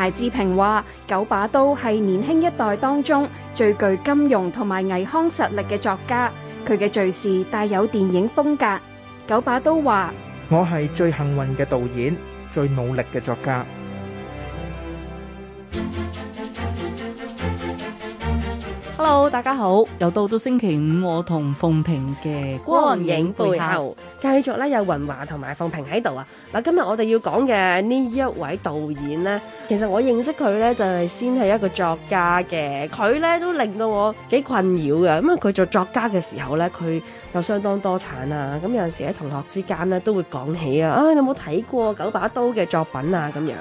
柴智屏話：九把刀係年輕一代當中最具金庸同埋倪匡實力嘅作家，佢嘅敘事帶有電影風格。九把刀話：我係最幸運嘅導演，最努力嘅作家。Hello，大家好，又到到星期五，我同鳳萍嘅光影背後繼續咧，有雲華同埋鳳萍喺度啊。嗱，今日我哋要講嘅呢一位導演咧，其實我認識佢咧就係先係一個作家嘅，佢咧都令到我幾困擾噶。咁啊，佢做作家嘅時候咧，佢又相當多產啊。咁有陣時喺同學之間咧都會講起啊，唉、哎，你有冇睇過九把刀嘅作品啊？咁樣。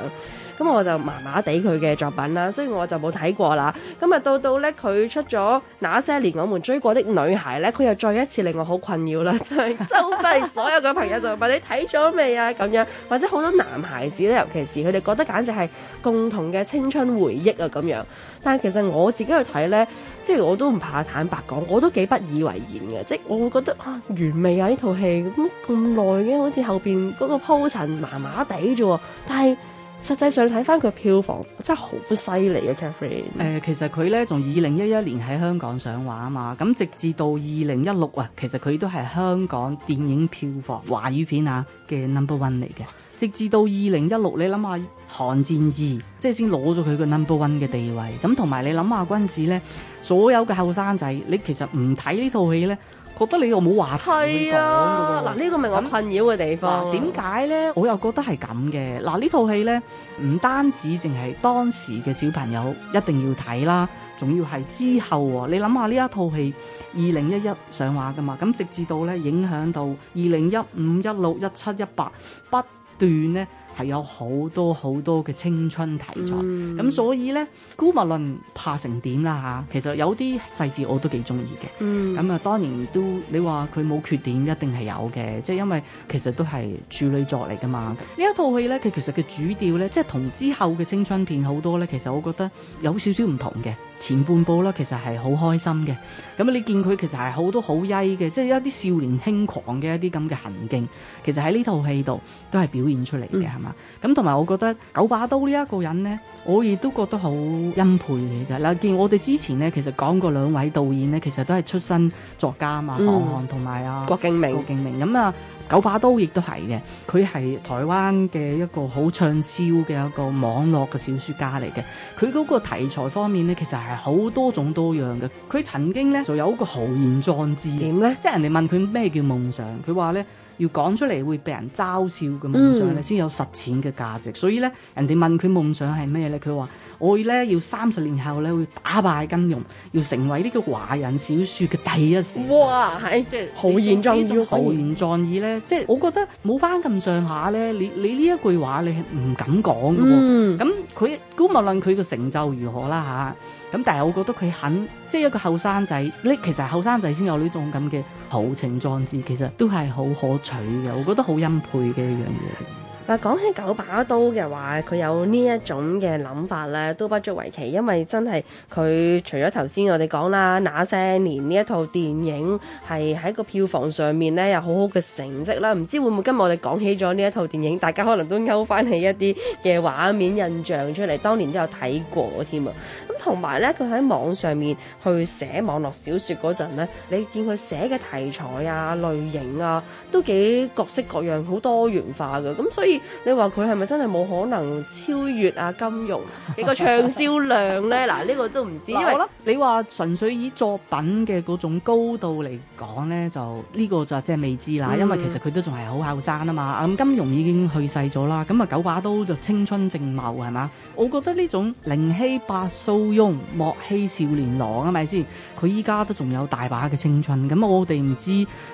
咁我就麻麻地佢嘅作品啦，所以我就冇睇過啦。咁啊，到到呢，佢出咗《那些年我們追過的女孩》呢，佢又再一次令我好困擾啦，就係周圍所有嘅朋友就問你睇咗未啊，咁樣，或者好多男孩子呢，尤其是佢哋覺得簡直係共同嘅青春回憶啊，咁樣。但係其實我自己去睇呢，即係我都唔怕坦白講，我都幾不以為然嘅，即係我會覺得啊，完美啊呢套戲咁耐嘅，好似後邊嗰個鋪陳麻麻地啫，但係。實際上睇翻佢票房真係好犀利啊，Catherine，呃。其實佢咧從二零一一年喺香港上畫啊嘛，咁直至到二零一六啊，其實佢都係香港電影票房華語片啊嘅 number one 嚟嘅。直至到二零一六，你諗下《寒戰二》即係先攞咗佢個 number one 嘅地位。咁同埋你諗下嗰陣時咧，所有嘅後生仔，你其實唔睇呢套戲咧。覺得你又冇話題講嘅喎，嗱，呢個咪我困擾嘅地方。點解咧？我又覺得係咁嘅。嗱、啊、呢套戲咧，唔單止淨係當時嘅小朋友一定要睇啦，仲要係之後喎、哦。你諗下呢一套戲二零一一上畫嘅嘛？咁直至到咧影響到二零一五一六一七一八不斷咧。係有好多好多嘅青春題材，咁、嗯、所以咧姑勿論拍成點啦，吓？其實有啲細節我都幾中意嘅。咁啊、嗯，當然都你話佢冇缺點，一定係有嘅。即係因為其實都係處女作嚟噶嘛。呢一套戲咧，佢其實嘅主調咧，即係同之後嘅青春片好多咧，其實我覺得有少少唔同嘅。前半部啦，其實係好開心嘅。咁你見佢其實係好多好曳嘅，即係一啲少年輕狂嘅一啲咁嘅行徑，其實喺呢套戲度都係表現出嚟嘅，係嘛、嗯？咁同埋，我覺得九把刀呢一個人咧，我亦都覺得好欽佩嚟噶。嗱，見我哋之前咧，其實講過兩位導演咧，其實都係出身作家嘛，韓寒同埋啊郭敬明。郭敬明咁啊、嗯，九把刀亦都係嘅，佢係台灣嘅一個好暢銷嘅一個網絡嘅小說家嚟嘅。佢嗰個題材方面咧，其實係好多種多樣嘅。佢曾經咧，就有一個豪言壯志點咧，呢即係人哋問佢咩叫夢想，佢話咧。要講出嚟會被人嘲笑嘅夢想咧，先有實踐嘅價值。嗯、所以咧，人哋問佢夢想係咩咧，佢話：我咧要三十年後咧，會打敗金庸，要成為呢個華人小説嘅第一人。哇！係即係豪言壯語，豪言壯語咧，即係我覺得冇翻咁上下咧。你你呢一句話你、哦，你係唔敢講嘅喎。咁佢咁無論佢嘅成就如何啦嚇。啊但係我覺得佢肯，即係一個後生仔，其實後生仔先有呢種咁嘅豪情壯志，其實都係好可取嘅，我覺得好欣慰嘅一樣嘢。嗱，講起九把刀嘅話，佢有呢一種嘅諗法咧，都不足為奇，因為真係佢除咗頭先我哋講啦，《那些年》呢一套電影係喺個票房上面咧有好好嘅成績啦。唔知會唔會今日我哋講起咗呢一套電影，大家可能都勾翻起一啲嘅畫面印象出嚟，當年都有睇過添啊。咁同埋咧，佢喺網上面去寫網絡小說嗰陣咧，你見佢寫嘅題材啊、類型啊，都幾各式各樣、好多元化嘅。咁所以，你話佢係咪真係冇可能超越啊？金庸？ 你個暢銷量咧？嗱，呢個都唔知， 因為 你話純粹以作品嘅嗰種高度嚟講咧，就呢個就即係未知啦。嗯、因為其實佢都仲係好後生啊嘛。咁金庸已經去世咗啦，咁啊九把刀就青春正茂係嘛？我覺得呢種寧欺白素翁莫欺少年郎啊，咪先？佢依家都仲有大把嘅青春。咁我哋唔知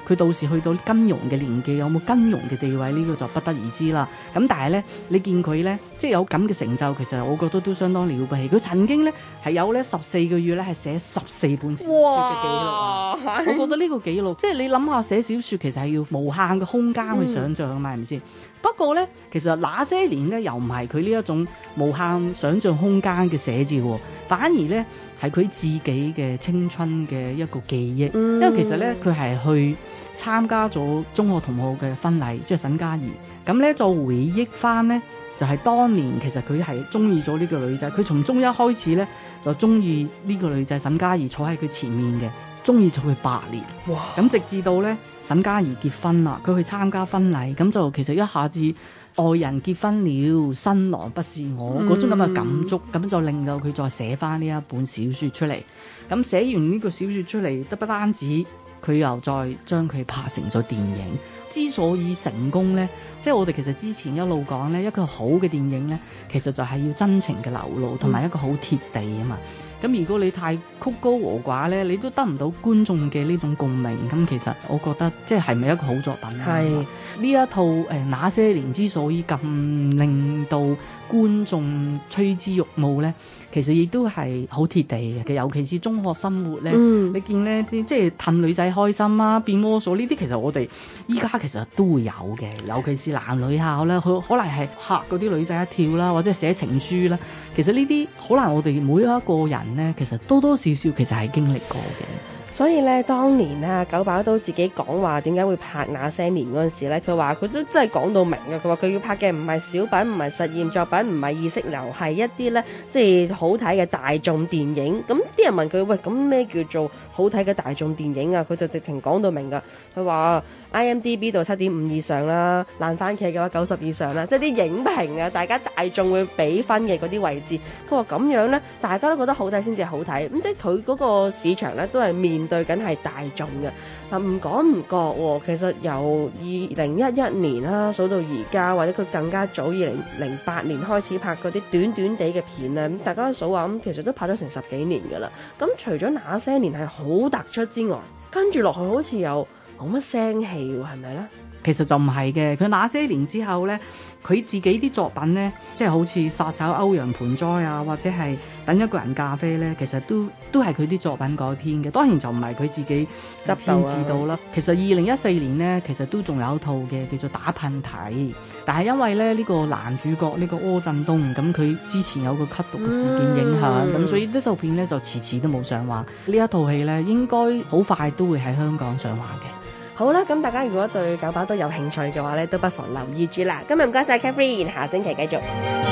佢到時去到金庸嘅年紀有冇金庸嘅地位，呢、這個就不得而知啦。咁但係咧，你見佢咧，即係有咁嘅成就，其實我覺得都相當了不起。佢曾經咧係有咧十四個月咧係寫十四本小說嘅記錄，哇我覺得呢個記錄， 即係你諗下寫小說其實係要無限嘅空間去想象啊嘛，係咪先？不過咧，其實那些年咧又唔係佢呢一種無限想象空間嘅寫字，反而咧係佢自己嘅青春嘅一個記憶，嗯、因為其實咧佢係去。參加咗中學同學嘅婚禮，即係沈嘉怡。咁咧就回憶翻呢，就係當年其實佢係中意咗呢個女仔。佢從中一開始呢，就中意呢個女仔，沈嘉怡坐喺佢前面嘅，中意咗佢八年。咁哇直至到呢，沈嘉怡結婚啦，佢去參加婚禮，咁就其實一下子愛人結婚了，新郎不是我嗰種咁嘅感觸，咁、嗯、就令到佢再寫翻呢一本小説出嚟。咁寫完呢個小説出嚟，得不單止。佢又再將佢拍成咗電影，之所以成功呢，即係我哋其實之前一路講呢，一個好嘅電影呢，其實就係要真情嘅流露，同埋一個好貼地啊嘛。咁如果你太曲高和寡呢，你都得唔到觀眾嘅呢種共鳴。咁其實我覺得，即係係咪一個好作品呢？係呢是一套誒那、呃、些年之所以咁令到觀眾趨之若鶩呢。其實亦都係好貼地嘅，尤其是中學生活咧，嗯、你見咧即即係氹女仔開心啊，變魔術呢啲，其實我哋依家其實都會有嘅。尤其是男女校咧，佢可能係嚇嗰啲女仔一跳啦，或者寫情書啦。其實呢啲可能我哋每一個人咧，其實多多少少其實係經歷過嘅。所以咧，當年啊，九把刀自己講話點解會拍《那些年》嗰陣時咧，佢話佢都真係講到明嘅。佢話佢要拍嘅唔係小品，唔係實驗作品，唔係意識流，係一啲咧即係好睇嘅大眾電影。咁、嗯、啲人問佢喂，咁咩叫做好睇嘅大眾電影啊？佢就直情講到明㗎。佢話 IMDB 度七點五以上啦，爛番茄嘅話九十以上啦，即係啲影評啊，大家大眾會畀分嘅嗰啲位置。佢話咁樣咧，大家都覺得好睇先至好睇。咁即係佢嗰個市場咧，都係面。對緊係大眾嘅嗱，唔講唔覺，其實由二零一一年啦，數到而家，或者佢更加早二零零八年開始拍嗰啲短短地嘅片咧，咁大家數下，咁其實都拍咗成十幾年噶啦。咁除咗那些年係好突出之外，跟住落去好似又冇乜聲氣，係咪咧？其實就唔係嘅，佢那些年之後呢，佢自己啲作品呢，即係好似《殺手歐陽盆栽》啊，或者係《等一個人咖啡》呢，其實都都係佢啲作品改編嘅。當然就唔係佢自己執編指導啦。啊、其實二零一四年呢，其實都仲有一套嘅叫做《打噴嚏》，但係因為咧呢、呢個男主角呢個柯震東咁，佢之前有個吸毒嘅事件影響，咁、嗯、所以呢套片呢，就遲遲都冇上畫。呢一套戲呢，應該好快都會喺香港上畫嘅。好啦，咁大家如果對九把刀都有興趣嘅話咧，都不妨留意住啦。今日唔該晒，Catherine，下星期繼續。